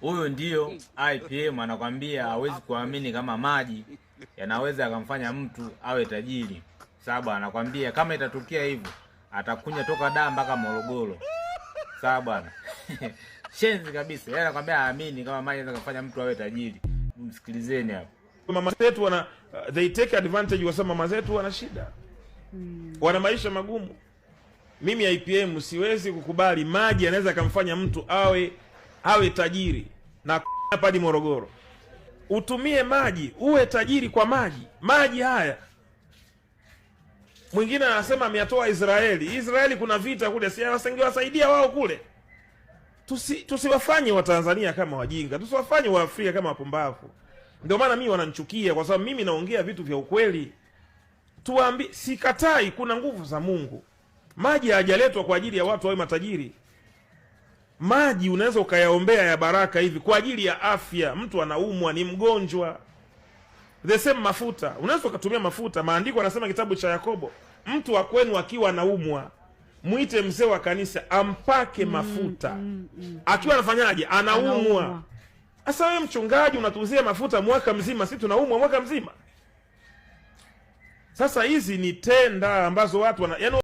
Huyu ndiyo IPM anakwambia hawezi kuamini kama maji yanaweza yakamfanya mtu awe tajiri. Saba anakwambia kama itatukia hivyo atakunya toka Dar mpaka Morogoro. Sawa bwana. Shenzi kabisa. Yeye anakwambia haamini kama maji yanaweza kufanya mtu awe tajiri. Msikilizeni hapo. Mama zetu wana uh, they take advantage wasema mama zetu wana shida. Hmm. Wana maisha magumu. Mimi IPM siwezi kukubali maji yanaweza kumfanya mtu awe awe tajiri na hadi Morogoro. Utumie maji, uwe tajiri kwa maji. Maji haya mwingine anasema ameyatoa Israeli. Israeli kuna vita kule, si wasingewasaidia wao kule? Tusi, tusiwafanye Watanzania kama wajinga, tusiwafanye Waafrika kama wapumbavu. Ndio maana mimi wananichukia, kwa sababu mimi naongea vitu vya ukweli. Tuambi, sikatai, kuna nguvu za Mungu. Maji hayajaletwa kwa ajili ya watu wawe matajiri maji unaweza ukayaombea ya baraka hivi kwa ajili ya afya. Mtu anaumwa, ni mgonjwa. The same mafuta, unaweza ukatumia mafuta. Maandiko anasema kitabu cha Yakobo, mtu wa kwenu akiwa anaumwa mwite mzee wa kanisa ampake mm, mafuta. mm, mm, mm. Akiwa anafanyaje? Anaumwa. Sasa wewe mchungaji unatuzia mafuta mwaka mzima, si tunaumwa mwaka mzima. Sasa hizi ni tenda ambazo watu wana yani